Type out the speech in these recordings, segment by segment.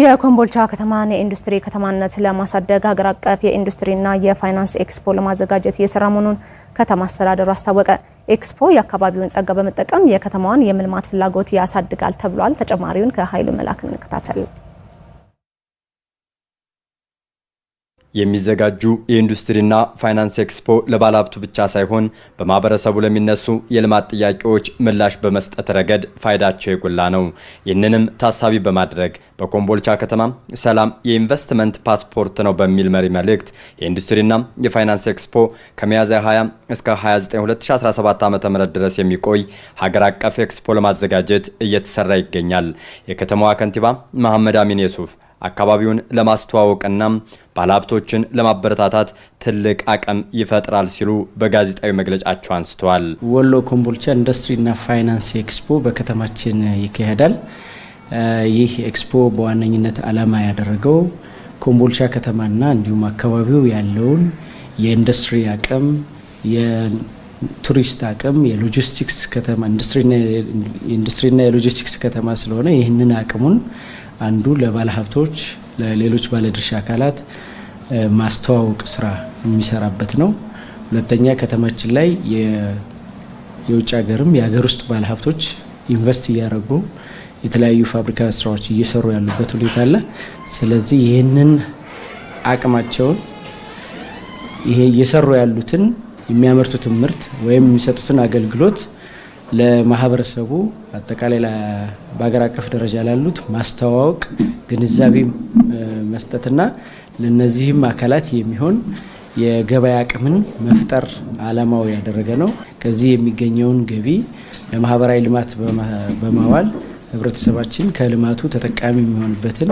የኮምቦልቻ ከተማን የኢንዱስትሪ ከተማነት ለማሳደግ ሀገር አቀፍ የኢንዱስትሪና የፋይናንስ ኤክስፖ ለማዘጋጀት እየሰራ መሆኑን ከተማ አስተዳደሩ አስታወቀ። ኤክስፖ የአካባቢውን ጸጋ በመጠቀም የከተማዋን የምልማት ፍላጎት ያሳድጋል ተብሏል። ተጨማሪውን ከኃይሉ መላክ እንከታተል። የሚዘጋጁ የኢንዱስትሪና ፋይናንስ ኤክስፖ ለባለሀብቱ ብቻ ሳይሆን በማህበረሰቡ ለሚነሱ የልማት ጥያቄዎች ምላሽ በመስጠት ረገድ ፋይዳቸው የጎላ ነው። ይህንንም ታሳቢ በማድረግ በኮምቦልቻ ከተማ ሰላም የኢንቨስትመንት ፓስፖርት ነው በሚል መሪ መልእክት የኢንዱስትሪና የፋይናንስ ኤክስፖ ከሚያዝያ 20 እስከ 29 2017 ዓ.ም ድረስ የሚቆይ ሀገር አቀፍ ኤክስፖ ለማዘጋጀት እየተሰራ ይገኛል። የከተማዋ ከንቲባ መሐመድ አሚን የሱፍ አካባቢውን ለማስተዋወቅና ባለሀብቶችን ለማበረታታት ትልቅ አቅም ይፈጥራል ሲሉ በጋዜጣዊ መግለጫቸው አንስተዋል። ወሎ ኮምቦልቻ ኢንዱስትሪና ፋይናንስ ኤክስፖ በከተማችን ይካሄዳል። ይህ ኤክስፖ በዋነኝነት ዓላማ ያደረገው ኮምቦልቻ ከተማና እንዲሁም አካባቢው ያለውን የኢንዱስትሪ አቅም የቱሪስት አቅም የሎጂስቲክስ ከተማ ኢንዱስትሪና የሎጂስቲክስ ከተማ ስለሆነ ይህንን አቅሙን አንዱ ለባለሀብቶች፣ ለሌሎች ባለድርሻ አካላት ማስተዋወቅ ስራ የሚሰራበት ነው። ሁለተኛ ከተማችን ላይ የውጭ ሀገርም የሀገር ውስጥ ባለሀብቶች ኢንቨስት እያደረጉ የተለያዩ ፋብሪካ ስራዎች እየሰሩ ያሉበት ሁኔታ አለ። ስለዚህ ይህንን አቅማቸውን ይሄ እየሰሩ ያሉትን የሚያመርቱትን ምርት ወይም የሚሰጡትን አገልግሎት ለማህበረሰቡ አጠቃላይ በሀገር አቀፍ ደረጃ ላሉት ማስተዋወቅ፣ ግንዛቤ መስጠትና ለነዚህም አካላት የሚሆን የገበያ አቅምን መፍጠር አላማው ያደረገ ነው። ከዚህ የሚገኘውን ገቢ ለማህበራዊ ልማት በማዋል ህብረተሰባችን ከልማቱ ተጠቃሚ የሚሆንበትን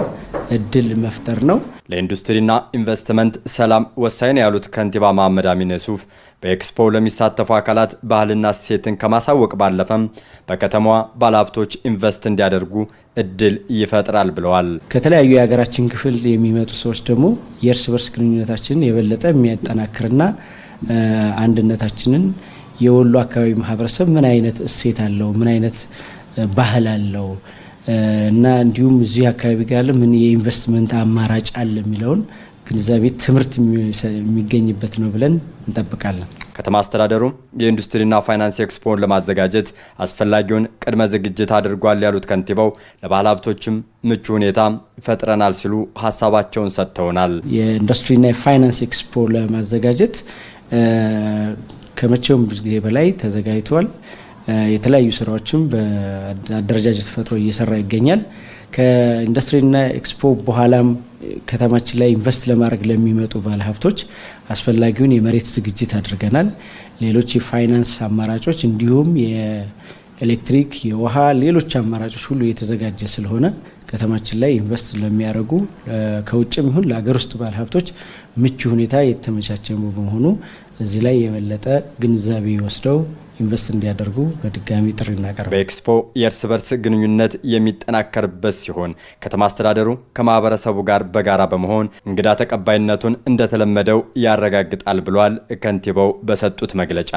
እድል መፍጠር ነው። ለኢንዱስትሪና ኢንቨስትመንት ሰላም ወሳኝ ያሉት ከንቲባ መሐመድ አሚን ሱፍ በኤክስፖ ለሚሳተፉ አካላት ባህልና እሴትን ከማሳወቅ ባለፈም በከተማዋ ባለሀብቶች ኢንቨስት እንዲያደርጉ እድል ይፈጥራል ብለዋል። ከተለያዩ የሀገራችን ክፍል የሚመጡ ሰዎች ደግሞ የእርስ በርስ ግንኙነታችንን የበለጠ የሚያጠናክርና አንድነታችንን የወሎ አካባቢ ማህበረሰብ ምን አይነት እሴት አለው ምን አይነት ባህል አለው እና እንዲሁም እዚህ አካባቢ ጋር ምን የኢንቨስትመንት አማራጭ አለ የሚለውን ግንዛቤ ትምህርት የሚገኝበት ነው ብለን እንጠብቃለን። ከተማ አስተዳደሩ የኢንዱስትሪና ፋይናንስ ኤክስፖን ለማዘጋጀት አስፈላጊውን ቅድመ ዝግጅት አድርጓል ያሉት ከንቲባው ለባለ ሀብቶችም ምቹ ሁኔታ ፈጥረናል ሲሉ ሀሳባቸውን ሰጥተውናል። የኢንዱስትሪና የፋይናንስ ኤክስፖ ለማዘጋጀት ከመቼውም ጊዜ በላይ ተዘጋጅተዋል። የተለያዩ ስራዎችም በአደረጃጀት ፈጥሮ እየሰራ ይገኛል። ከኢንዱስትሪና ኤክስፖ በኋላም ከተማችን ላይ ኢንቨስት ለማድረግ ለሚመጡ ባለሀብቶች አስፈላጊውን የመሬት ዝግጅት አድርገናል። ሌሎች የፋይናንስ አማራጮች እንዲሁም የኤሌክትሪክ፣ የውሃ፣ ሌሎች አማራጮች ሁሉ እየተዘጋጀ ስለሆነ ከተማችን ላይ ኢንቨስት ለሚያደርጉ ከውጭም ይሁን ለሀገር ውስጥ ባለሀብቶች ምቹ ሁኔታ የተመቻቸ በመሆኑ እዚህ ላይ የበለጠ ግንዛቤ ወስደው ኢንቨስት እንዲያደርጉ በድጋሚ ጥሪ እናቀርብ። በኤክስፖ የእርስ በርስ ግንኙነት የሚጠናከርበት ሲሆን ከተማ አስተዳደሩ ከማህበረሰቡ ጋር በጋራ በመሆን እንግዳ ተቀባይነቱን እንደተለመደው ያረጋግጣል ብሏል ከንቲባው በሰጡት መግለጫ።